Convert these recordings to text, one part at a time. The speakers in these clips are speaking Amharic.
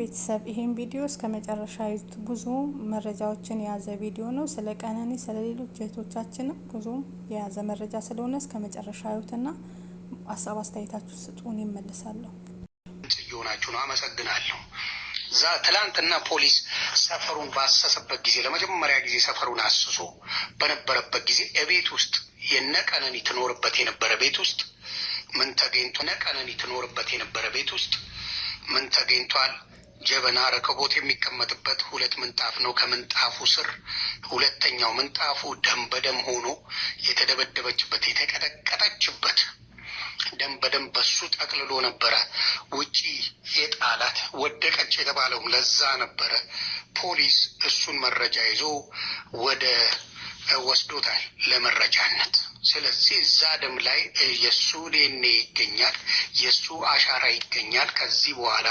ቤተሰብ ይሄን ቪዲዮ እስከ መጨረሻ ይዙት። ብዙ መረጃዎችን የያዘ ቪዲዮ ነው። ስለ ቀነኒ፣ ስለ ሌሎች እህቶቻችንም ብዙ የያዘ መረጃ ስለሆነ እስከ መጨረሻ ይዩትና ሀሳብ አስተያየታችሁ ስጡን። ይመልሳለሁ። እየሆናችሁ ነው። አመሰግናለሁ። እዛ ትላንትና ፖሊስ ሰፈሩን ባሰሰበት ጊዜ ለመጀመሪያ ጊዜ ሰፈሩን አስሶ በነበረበት ጊዜ እቤት ውስጥ የነ ቀነኒ ትኖርበት የነበረ ቤት ውስጥ ምን ተገኝቶ ነቀነኒ ትኖርበት የነበረ ቤት ውስጥ ምን ተገኝቷል? ጀበና ረከቦት የሚቀመጥበት ሁለት ምንጣፍ ነው። ከምንጣፉ ስር ሁለተኛው ምንጣፉ ደም በደም ሆኖ የተደበደበችበት የተቀጠቀጠችበት ደም በደም በሱ ጠቅልሎ ነበረ። ውጪ የጣላት ወደቀች የተባለውም ለዛ ነበረ። ፖሊስ እሱን መረጃ ይዞ ወደ ወስዶታል ለመረጃነት። ስለዚህ እዛ ደም ላይ የእሱ ዲኤንኤ ይገኛል፣ የእሱ አሻራ ይገኛል። ከዚህ በኋላ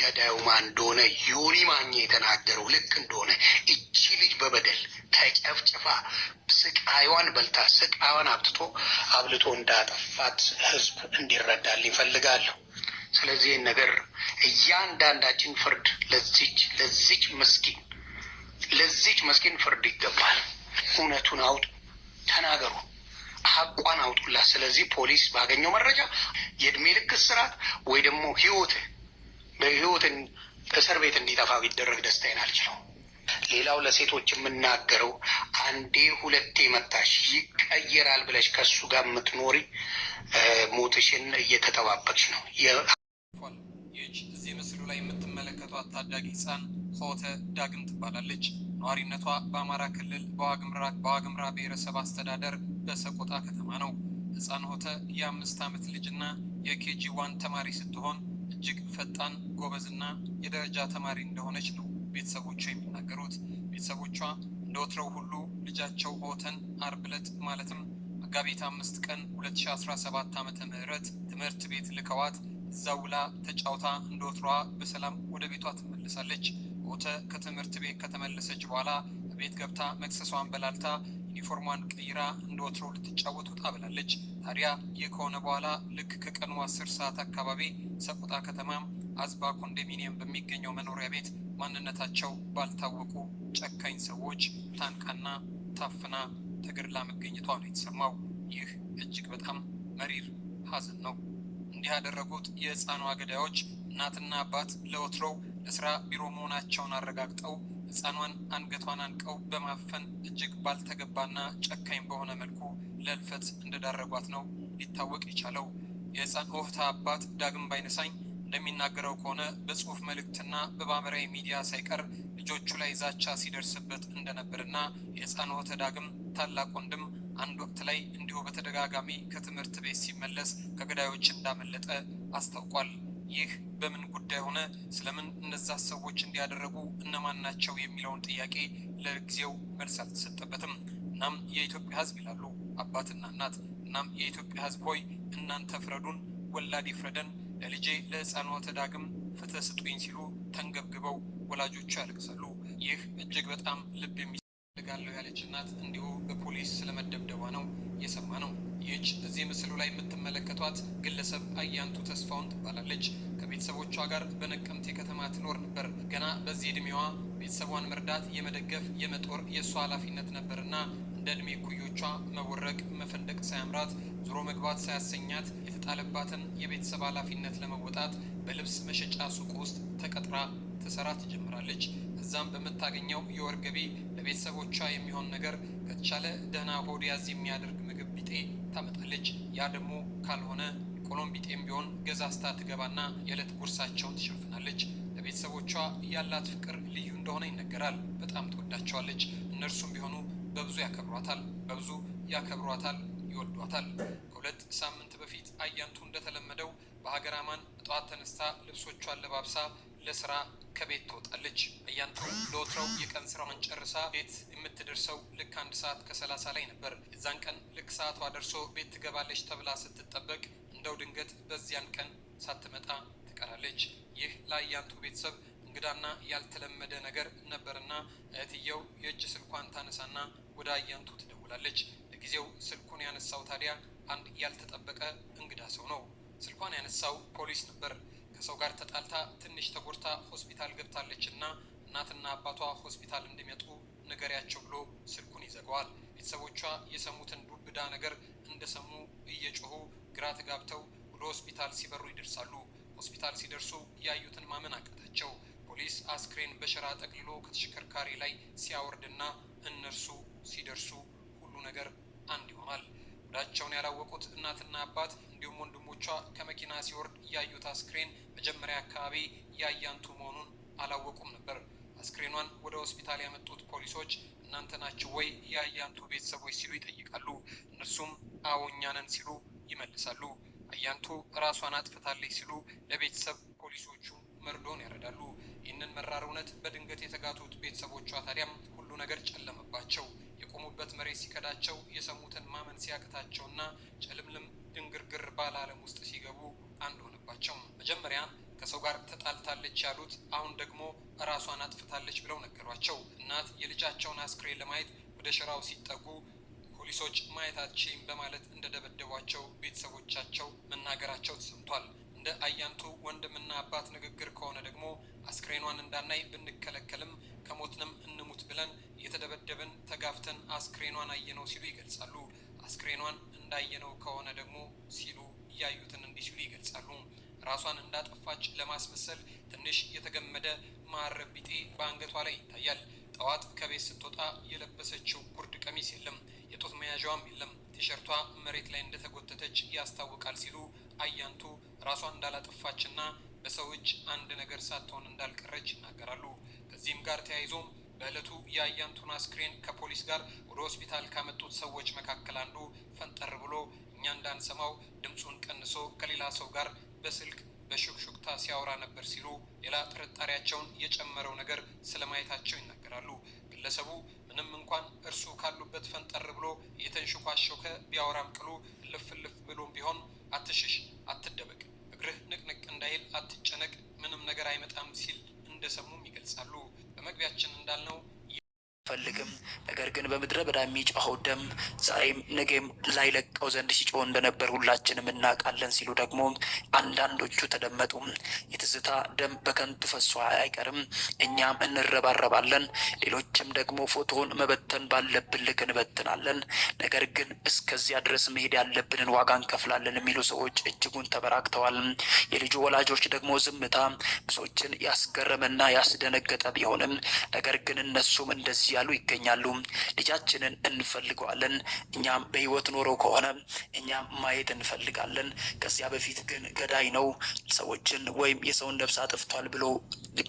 ገዳዩ ማን እንደሆነ ዮኒ ማኛ የተናገረው ልክ እንደሆነ እቺ ልጅ በበደል ተጨፍጭፋ ስቃይዋን በልታ ስቃይዋን አብትቶ አብልቶ እንዳጠፋት ህዝብ እንዲረዳል ይፈልጋለሁ። ስለዚህ ይህን ነገር እያንዳንዳችን ፍርድ ለዚች ለዚች መስኪን ለዚች መስኪን ፍርድ ይገባል። እውነቱን አውጡ፣ ተናገሩ፣ ሀቋን አውጡላ። ስለዚህ ፖሊስ ባገኘው መረጃ የእድሜ ልክ እስራት ወይ ደግሞ ህይወት በህይወት እስር ቤት እንዲጠፋ ቢደረግ ደስታዬን አልችለው። ሌላው ለሴቶች የምናገረው አንዴ ሁለቴ መታሽ ይቀየራል ብለሽ ከሱ ጋር የምትኖሪ ሞትሽን እየተጠባበቅሽ ነው። እዚህ ምስሉ ላይ የምትመለከቷት ታዳጊ ህፃን ፎተ ዳግም ትባላለች። ነዋሪነቷ በአማራ ክልል በዋግምራ ብሔረሰብ አስተዳደር በሰቆጣ ከተማ ነው። ህፃን ሆተ የአምስት ዓመት ልጅና የኬጂ ዋን ተማሪ ስትሆን እጅግ ፈጣን ጎበዝና የደረጃ ተማሪ እንደሆነች ነው ቤተሰቦቿ የሚናገሩት። ቤተሰቦቿ እንደ ወትረው ሁሉ ልጃቸው ሆተን አርብ ዕለት ማለትም መጋቢት አምስት ቀን 2017 ዓመተ ምህረት ትምህርት ቤት ልከዋት እዛ ውላ ተጫውታ እንደ ወትሯ በሰላም ወደ ቤቷ ትመለሳለች። ኦተ ከትምህርት ቤት ከተመለሰች በኋላ ቤት ገብታ መክሰሷን በላልታ ዩኒፎርሟን ቀይራ እንደ ወትሮ ልትጫወት ወጣ ብላለች። ታዲያ ይህ ከሆነ በኋላ ልክ ከቀኑ አስር ሰዓት አካባቢ ሰቆጣ ከተማም አዝባ ኮንዶሚኒየም በሚገኘው መኖሪያ ቤት ማንነታቸው ባልታወቁ ጨካኝ ሰዎች ታንቃና ታፍና ተገድላ መገኘቷ ነው የተሰማው። ይህ እጅግ በጣም መሪር ሀዘን ነው። እንዲህ ያደረጉት የህፃኗ ገዳዮች እናትና አባት ለወትሮው ለስራ ቢሮ መሆናቸውን አረጋግጠው ህፃኗን አንገቷን አንቀው በማፈን እጅግ ባልተገባና ጨካኝ በሆነ መልኩ ለልፈት እንደዳረጓት ነው ሊታወቅ የቻለው። የህፃን ኦህታ አባት ዳግም ባይነሳኝ እንደሚናገረው ከሆነ በጽሁፍ መልእክትና በማህበራዊ ሚዲያ ሳይቀር ልጆቹ ላይ ዛቻ ሲደርስበት እንደነበርና የህፃን ኦህተ ዳግም ታላቅ ወንድም አንድ ወቅት ላይ እንዲሁ በተደጋጋሚ ከትምህርት ቤት ሲመለስ ከገዳዮች እንዳመለጠ አስታውቋል። ይህ በምን ጉዳይ ሆነ፣ ስለምን እነዛ ሰዎች እንዲያደረጉ እነማን ናቸው የሚለውን ጥያቄ ለጊዜው መልስ አልተሰጠበትም። እናም የኢትዮጵያ ሕዝብ ይላሉ አባትና እናት። እናም የኢትዮጵያ ሕዝብ ሆይ እናንተ ፍረዱን፣ ወላድ ይፍረደን፣ ለልጄ ለሕፃኗ ዳግም ፍትህ ስጡኝ ሲሉ ተንገብግበው ወላጆቹ ያለቅሳሉ። ይህ እጅግ በጣም ልብ የሚ ልጋለሁ ያለች እናት እንዲሁ በፖሊስ ስለመደብደቧ ነው እየሰማ ነው። ይህች እዚህ ምስሉ ላይ የምትመለከቷት ግለሰብ አያንቱ ተስፋውን ትባላለች። ከቤተሰቦቿ ጋር በነቀምቴ ከተማ ትኖር ነበር። ገና በዚህ እድሜዋ ቤተሰቧን መርዳት፣ የመደገፍ፣ የመጦር የእሷ ኃላፊነት ነበርና እንደ እድሜ ኩዮቿ መቦረቅ፣ መፈንደቅ ሳያምራት ዙሮ መግባት ሳያሰኛት የተጣለባትን የቤተሰብ ኃላፊነት ለመወጣት በልብስ መሸጫ ሱቅ ውስጥ ተቀጥራ ትሰራ ትጀምራለች። እዛም በምታገኘው የወር ገቢ ለቤተሰቦቿ የሚሆን ነገር ከተቻለ ደህና ሆድ ያዝ የሚያደርግ ምግብ ቢጤ ታመጣለች። ያ ደግሞ ካልሆነ ቆሎም ቢጤም ቢሆን ገዛዝታ ትገባና የዕለት ጉርሳቸውን ትሸፍናለች። ለቤተሰቦቿ ያላት ፍቅር ልዩ እንደሆነ ይነገራል። በጣም ትወዳቸዋለች። እነርሱም ቢሆኑ በብዙ ያከብሯታል፣ በብዙ ያከብሯታል፣ ይወዷታል። ከሁለት ሳምንት በፊት አያንቱ እንደተለመደው በሀገር አማን ተነስታ ልብሶቿን ለባብሳ ለስራ ከቤት ትወጣለች። አያንቱ ለወትሮው የቀን ስራዋን ጨርሳ ቤት የምትደርሰው ልክ አንድ ሰዓት ከሰላሳ ላይ ነበር። የዛን ቀን ልክ ሰዓቷ ደርሶ ቤት ትገባለች ተብላ ስትጠበቅ እንደው ድንገት በዚያን ቀን ሳትመጣ ትቀራለች። ይህ ለአያንቱ ቤተሰብ እንግዳና ያልተለመደ ነገር ነበርና እህትየው የእጅ ስልኳን ታነሳና ወደ አያንቱ ትደውላለች። ለጊዜው ስልኩን ያነሳው ታዲያ አንድ ያልተጠበቀ እንግዳ ሰው ነው። ስልኳን ያነሳው ፖሊስ ነበር። ከሰው ጋር ተጣልታ ትንሽ ተጎድታ ሆስፒታል ገብታለች እና እናትና አባቷ ሆስፒታል እንዲመጡ ንገሪያቸው ብሎ ስልኩን ይዘጋዋል። ቤተሰቦቿ የሰሙትን ዱብዳ ነገር እንደሰሙ እየጮሁ ግራ ተጋብተው ወደ ሆስፒታል ሲበሩ ይደርሳሉ። ሆስፒታል ሲደርሱ ያዩትን ማመን አቃታቸው። ፖሊስ አስክሬን በሸራ ጠቅልሎ ከተሽከርካሪ ላይ ሲያወርድና እነርሱ ሲደርሱ ሁሉ ነገር አንድ ይሆናል። ጉዳቸውን ያላወቁት እናትና አባት እንዲሁም ወንድሞቿ ከመኪና ሲወርድ ያዩት አስክሬን መጀመሪያ አካባቢ ያያንቱ መሆኑን አላወቁም ነበር። አስክሬኗን ወደ ሆስፒታል ያመጡት ፖሊሶች እናንተ ናችሁ ወይ የአያንቱ ቤተሰቦች ሲሉ ይጠይቃሉ። እነርሱም አዎ እኛ ነን ሲሉ ይመልሳሉ። አያንቱ ራሷን አጥፍታለች ሲሉ ለቤተሰብ ፖሊሶቹ መርዶን ያረዳሉ። ይህንን መራር እውነት በድንገት የተጋቱት ቤተሰቦቿ ታዲያም ሁሉ ነገር ጨለመባቸው። ከቆሙበት መሬት ሲከዳቸው የሰሙትን ማመን ሲያቅታቸውና ጨልምልም ድንግርግር ባለ ዓለም ውስጥ ሲገቡ አንድ ሆነባቸው። መጀመሪያ ከሰው ጋር ተጣልታለች ያሉት አሁን ደግሞ እራሷን አጥፍታለች ብለው ነገሯቸው። እናት የልጃቸውን አስክሬን ለማየት ወደ ሽራው ሲጠጉ ፖሊሶች ማየታችን በማለት እንደደበደቧቸው ቤተሰቦቻቸው መናገራቸው ተሰምቷል። እንደ አያንቱ ወንድምና አባት ንግግር ከሆነ ደግሞ አስክሬኗን እንዳናይ ብንከለከልም ከሞትንም እንሙት ብለን የተደበደበን ተጋፍተን አስክሬኗን አየነው ሲሉ ይገልጻሉ። አስክሬኗን እንዳየነው ከሆነ ደግሞ ሲሉ እያዩትን እንዲህ ሲሉ ይገልጻሉ። ራሷን እንዳጠፋች ለማስመሰል ትንሽ የተገመደ ማረቢጤ ቢጤ በአንገቷ ላይ ይታያል። ጠዋት ከቤት ስትወጣ የለበሰችው ጉርድ ቀሚስ የለም፣ የጡት መያዣዋም የለም። ቲሸርቷ መሬት ላይ እንደተጎተተች ያስታውቃል ሲሉ አያንቱ ራሷን እንዳላጠፋችና በሰው እጅ አንድ ነገር ሳትሆን እንዳልቀረች ይናገራሉ። ከዚህም ጋር ተያይዞም በዕለቱ የአያንቱን አስክሬን ከፖሊስ ጋር ወደ ሆስፒታል ካመጡት ሰዎች መካከል አንዱ ፈንጠር ብሎ እኛ እንዳንሰማው ድምፁን ቀንሶ ከሌላ ሰው ጋር በስልክ በሹክሹክታ ሲያወራ ነበር ሲሉ ሌላ ጥርጣሬያቸውን የጨመረው ነገር ስለማየታቸው ይናገራሉ። ግለሰቡ ምንም እንኳን እርሱ ካሉበት ፈንጠር ብሎ የተንሽኳሾከ ቢያወራም ቅሉ ልፍ ልፍ ብሎም ቢሆን አትሽሽ፣ አትደበቅ፣ እግርህ ንቅንቅ እንዳይል፣ አትጨነቅ፣ ምንም ነገር አይመጣም ሲል እንደሰሙም ይገልጻሉ። በመግቢያችን እንዳልነው ፈልግም ነገር ግን በምድረ በዳ የሚጮኸው ደም ዛሬም ነገም ላይለቀው ዘንድ ሲጮህ እንደነበር ሁላችንም እናውቃለን ሲሉ ደግሞ አንዳንዶቹ ተደመጡ። የትዝታ ደም በከንቱ ፈሶ አይቀርም፣ እኛም እንረባረባለን። ሌሎችም ደግሞ ፎቶውን መበተን ባለብን ልክ እንበትናለን። ነገር ግን እስከዚያ ድረስ መሄድ ያለብንን ዋጋ እንከፍላለን የሚሉ ሰዎች እጅጉን ተበራክተዋል። የልጁ ወላጆች ደግሞ ዝምታ ብሶችን ያስገረመና ያስደነገጠ ቢሆንም ነገር ግን እነሱም እንደዚህ እያሉ ይገኛሉ። ልጃችንን እንፈልገዋለን። እኛም በህይወት ኖሮ ከሆነ እኛም ማየት እንፈልጋለን። ከዚያ በፊት ግን ገዳይ ነው ሰዎችን ወይም የሰውን ነፍስ አጥፍቷል ብሎ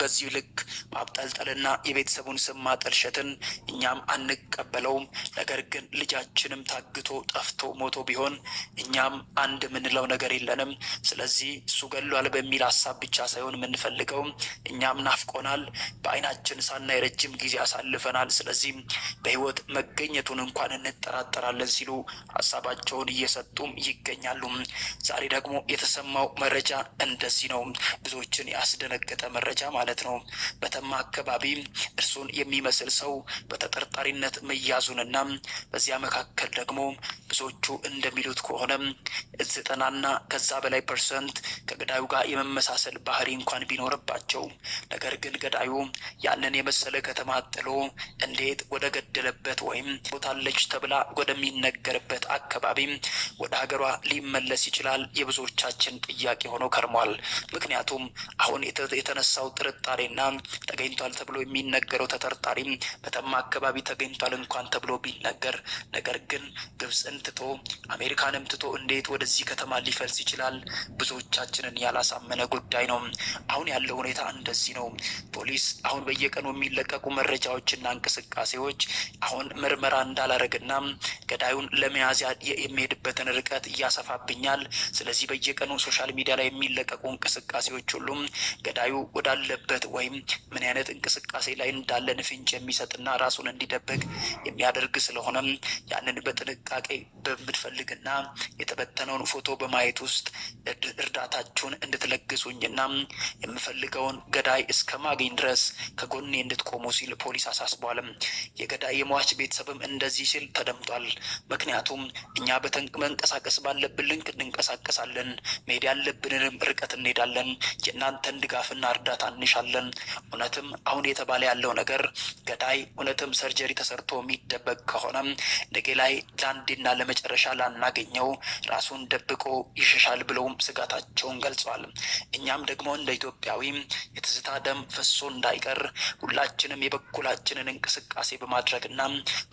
በዚህ ልክ ማብጠልጠልና የቤተሰቡን ስም ማጠልሸትን እኛም አንቀበለውም። ነገር ግን ልጃችንም ታግቶ ጠፍቶ ሞቶ ቢሆን እኛም አንድ የምንለው ነገር የለንም። ስለዚህ እሱ ገሏል በሚል ሀሳብ ብቻ ሳይሆን የምንፈልገው እኛም ናፍቆናል፣ በአይናችን ሳናይ ረጅም ጊዜ አሳልፈናል። ስለዚህም በህይወት መገኘቱን እንኳን እንጠራጠራለን ሲሉ ሀሳባቸውን እየሰጡም ይገኛሉ። ዛሬ ደግሞ የተሰማው መረጃ እንደዚህ ነው። ብዙዎችን ያስደነገጠ መረጃ ማለት ነው። በተማ አካባቢ እርሱን የሚመስል ሰው በተጠርጣሪነት መያዙንና በዚያ መካከል ደግሞ ብዙዎቹ እንደሚሉት ከሆነ ዘጠናና ከዛ በላይ ፐርሰንት ከገዳዩ ጋር የመመሳሰል ባህሪ እንኳን ቢኖርባቸው ነገር ግን ገዳዩ ያንን የመሰለ ከተማ ጥሎ እንዴት ወደ ገደለበት ወይም ቦታለች ተብላ ወደሚነገርበት አካባቢ ወደ ሀገሯ ሊመለስ ይችላል የብዙዎቻችን ጥያቄ ሆኖ ከርሟል። ምክንያቱም አሁን የተነሳው ጥርጣሬና ተገኝቷል ተብሎ የሚነገ የተነገረው ተጠርጣሪም በተማ አካባቢ ተገኝቷል እንኳን ተብሎ ቢነገር፣ ነገር ግን ግብፅን ትቶ አሜሪካንም ትቶ እንዴት ወደዚህ ከተማ ሊፈልስ ይችላል? ብዙዎቻችንን ያላሳመነ ጉዳይ ነው። አሁን ያለው ሁኔታ እንደዚህ ነው። ፖሊስ አሁን በየቀኑ የሚለቀቁ መረጃዎችና እንቅስቃሴዎች አሁን ምርመራ እንዳላረግና ገዳዩን ለመያዝ የሚሄድበትን ርቀት እያሰፋብኛል። ስለዚህ በየቀኑ ሶሻል ሚዲያ ላይ የሚለቀቁ እንቅስቃሴዎች ሁሉም ገዳዩ ወዳለበት ወይም ምን አይነት እንቅስቃሴ ላይ እንዳለን ፍንጭ የሚሰጥና ራሱን እንዲደብቅ የሚያደርግ ስለሆነም ያንን በጥንቃቄ በምትፈልግና የተበተነውን ፎቶ በማየት ውስጥ እርዳታችሁን እንድትለግሱኝና የምፈልገውን ገዳይ እስከ ማግኝ ድረስ ከጎኔ እንድትቆሙ ሲል ፖሊስ አሳስቧልም። የገዳይ የሟች ቤተሰብም እንደዚህ ሲል ተደምጧል። ምክንያቱም እኛ መንቀሳቀስ ባለብን ልክ እንንቀሳቀሳለን፣ መሄድ ያለብንንም ርቀት እንሄዳለን። የእናንተን ድጋፍና እርዳታ እንሻለን። እውነትም አሁን የተባለ ያለው የሚለው ነገር ገዳይ እውነትም ሰርጀሪ ተሰርቶ የሚደበቅ ከሆነ ነገ ላይ ለአንዴና ለመጨረሻ ላናገኘው ራሱን ደብቆ ይሸሻል ብለውም ስጋታቸውን ገልጸዋል። እኛም ደግሞ እንደ ኢትዮጵያዊ የትዝታ ደም ፈሶ እንዳይቀር ሁላችንም የበኩላችንን እንቅስቃሴ በማድረግና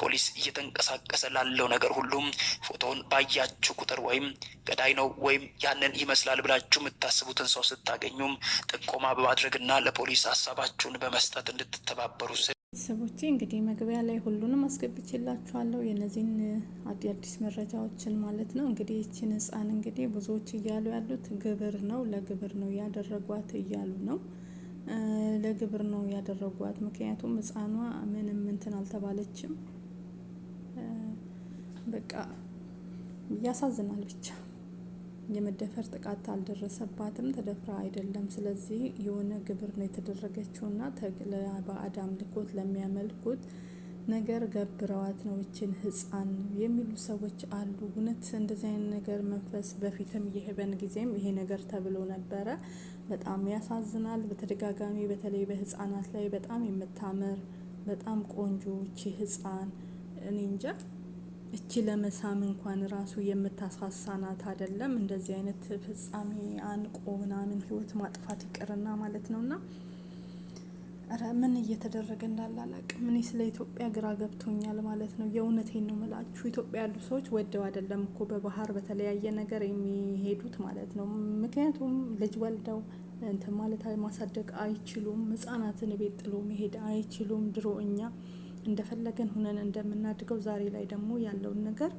ፖሊስ እየተንቀሳቀሰ ላለው ነገር ሁሉም ፎቶውን ባያችሁ ቁጥር ወይም ገዳይ ነው ወይም ያንን ይመስላል ብላችሁ የምታስቡትን ሰው ስታገኙም ጥቆማ በማድረግና ለፖሊስ ሀሳባችሁን በመስጠት እንድትተባ የተባበሩ ቤተሰቦቼ እንግዲህ መግቢያ ላይ ሁሉንም አስገብቼላችኋለሁ የነዚህን አዲስ መረጃዎችን ማለት ነው። እንግዲህ ይችን ህፃን እንግዲህ ብዙዎች እያሉ ያሉት ግብር ነው ለግብር ነው ያደረጓት እያሉ ነው። ለግብር ነው ያደረጓት። ምክንያቱም ህፃኗ ምንም እንትን አልተባለችም። በቃ ያሳዝናል ብቻ የመደፈር ጥቃት አልደረሰባትም፣ ተደፍራ አይደለም። ስለዚህ የሆነ ግብር ነው ና ለባዕድ አምልኮት ለሚያመልኩት ነገር ገብረዋት ነው ይችን ህፃን የሚሉ ሰዎች አሉ። እውነት እንደዚህ አይነት ነገር መንፈስ በፊትም የህበን ጊዜም ይሄ ነገር ተብሎ ነበረ። በጣም ያሳዝናል። በተደጋጋሚ በተለይ በህፃናት ላይ በጣም የምታምር በጣም ቆንጆ ይቺ ህፃን እኔ እንጃ እቺ ለመሳም እንኳን ራሱ የምታሳሳናት አይደለም። እንደዚህ አይነት ፍጻሜ አንቆ ምናምን ህይወት ማጥፋት ይቅርና ማለት ነውና ኧረ ምን እየተደረገ እንዳለ አላቅም። እኔ ስለ ኢትዮጵያ ግራ ገብቶኛል ማለት ነው። የእውነቴን ነው ምላችሁ። ኢትዮጵያ ያሉ ሰዎች ወደው አይደለም እኮ በባህር በተለያየ ነገር የሚሄዱት ማለት ነው። ምክንያቱም ልጅ ወልደው እንትን ማለት ማሳደግ አይችሉም። ህጻናትን ቤት ጥሎ መሄድ አይችሉም። ድሮ እኛ እንደፈለገን ሁነን እንደምናድገው ዛሬ ላይ ደግሞ ያለውን ነገር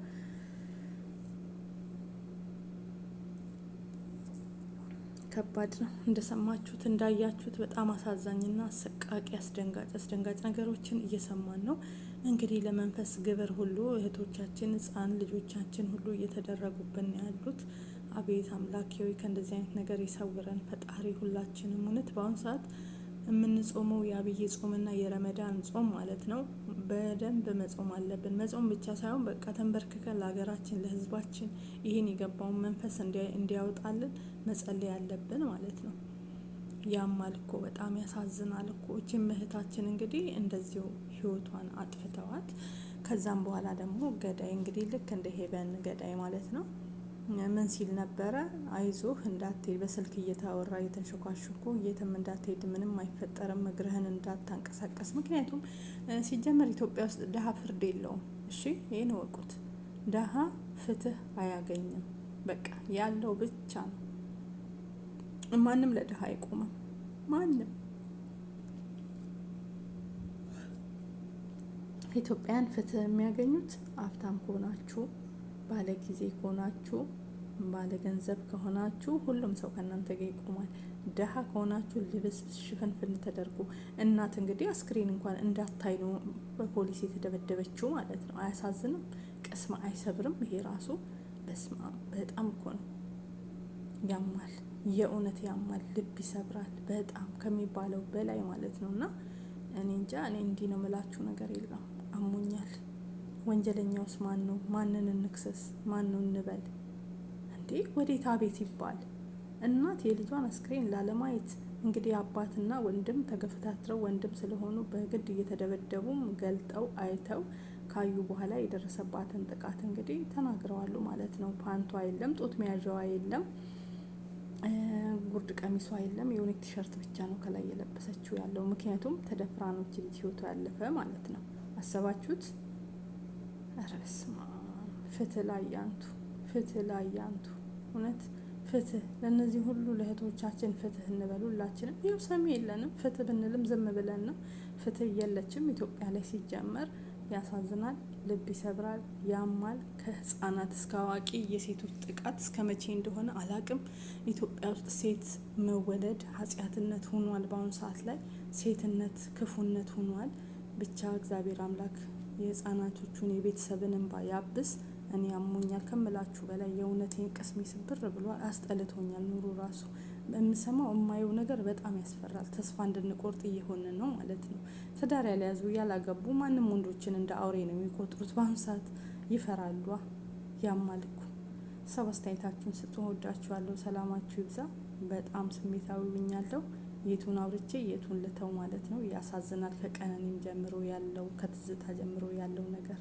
ከባድ ነው። እንደሰማችሁት እንዳያችሁት በጣም አሳዛኝና አሰቃቂ አስደንጋጭ አስደንጋጭ ነገሮችን እየሰማን ነው። እንግዲህ ለመንፈስ ግብር ሁሉ እህቶቻችን፣ ህጻን ልጆቻችን ሁሉ እየተደረጉብን ያሉት አቤት አምላክ ሆይ ከእንደዚህ አይነት ነገር ይሰውረን ፈጣሪ ሁላችንም እውነት በአሁኑ ሰዓት የምንጾመው የአብይ ጾምና የረመዳን ጾም ማለት ነው። በደንብ መጾም አለብን። መጾም ብቻ ሳይሆን በቃ ተንበርክከን ለሀገራችን ለህዝባችን ይህን የገባውን መንፈስ እንዲያወጣልን መጸለይ አለብን ማለት ነው። ያማል እኮ በጣም ያሳዝናል እኮ። እችን እህታችን እንግዲህ እንደዚሁ ህይወቷን አጥፍተዋት ከዛም በኋላ ደግሞ ገዳይ እንግዲህ ልክ እንደ ሄበን ገዳይ ማለት ነው ምን ሲል ነበረ? አይዞህ እንዳትሄድ በስልክ እየታወራ እየተንሸኳሸኩ የትም እንዳትሄድ ምንም አይፈጠርም፣ እግርህን እንዳታንቀሳቀስ። ምክንያቱም ሲጀመር ኢትዮጵያ ውስጥ ድሀ ፍርድ የለውም። እሺ ይህን ወቁት። ድሀ ፍትህ አያገኝም። በቃ ያለው ብቻ ነው። ማንም ለድሀ አይቆምም። ማንም ኢትዮጵያን ፍትህ የሚያገኙት አፍታም ከሆናችሁ ባለ ጊዜ ከሆናችሁ ባለ ገንዘብ ከሆናችሁ ሁሉም ሰው ከእናንተ ጋር ይቆማል። ደሃ ከሆናችሁ ልብስ ሽፍንፍን ተደርጎ እናት እንግዲህ አስክሬን እንኳን እንዳታይ ነው በፖሊስ የተደበደበችው ማለት ነው። አያሳዝንም? ቅስም አይሰብርም? ይሄ ራሱ በስማ በጣም እኮ ነው ያማል። የእውነት ያማል፣ ልብ ይሰብራል። በጣም ከሚባለው በላይ ማለት ነው። እና እኔ እንጃ እኔ እንዲህ ነው የምላችሁ ነገር የለም። አሞኛል። ወንጀለኛውስ ማን ነው? ማንን እንክሰስ? ማን ነው እንበል? እንዴ ወዴት አቤት ይባል? እናት የልጇን አስክሬን ላለማየት እንግዲህ አባትና ወንድም ተገፈታትረው ወንድም ስለሆኑ በግድ እየተደበደቡም ገልጠው አይተው ካዩ በኋላ የደረሰባትን ጥቃት እንግዲህ ተናግረዋሉ ማለት ነው። ፓንቷ የለም፣ ጡት መያዣዋ የለም፣ ጉርድ ቀሚሷ የለም። የሆነ ቲሸርት ብቻ ነው ከላይ የለበሰችው ያለው። ምክንያቱም ተደፍራ ነው ልጅ ህይወቱ ያለፈ ማለት ነው። አሰባችሁት? ኧረ በስመ አብ ፍትህ ላያንቱ ፍትህ ላይ እውነት ፍትህ ለእነዚህ ሁሉ ለእህቶቻችን ፍትህ እንበል። ሁላችንም ይኸው ሰሚ የለንም። ፍትህ ብንልም ዝም ብለን ነው። ፍትህ የለችም ኢትዮጵያ ላይ ሲጀመር። ያሳዝናል፣ ልብ ይሰብራል፣ ያማል። ከህፃናት እስከ አዋቂ የሴቶች ጥቃት እስከ መቼ እንደሆነ አላቅም። ኢትዮጵያ ውስጥ ሴት መወለድ ኃጢአትነት ሆኗል። በአሁኑ ሰዓት ላይ ሴትነት ክፉነት ሆኗል። ብቻ እግዚአብሔር አምላክ የህፃናቶቹን የቤተሰብን እንባ ያብስ። እኔ አሞኛል ከምላችሁ በላይ የእውነቴን ቅስሜ ስብር ብሎ አስጠልቶኛል ኑሮ ራሱ የምሰማው የማየው ነገር በጣም ያስፈራል። ተስፋ እንድንቆርጥ እየሆነ ነው ማለት ነው። ትዳር ያልያዙ ያላገቡ ማንም ወንዶችን እንደ አውሬ ነው የሚቆጥሩት። በአሁኑ ሰዓት ይፈራሉ። ያማልኩ ሰብ አስተያየታችሁን ስጡ። ወዳችኋለሁ። ሰላማችሁ ይብዛ። በጣም ስሜታዊ ሆኛለሁ። የቱን አውርቼ የቱን ልተው ማለት ነው። ያሳዝናል። ከቀነኒም ጀምሮ ያለው ከትዝታ ጀምሮ ያለው ነገር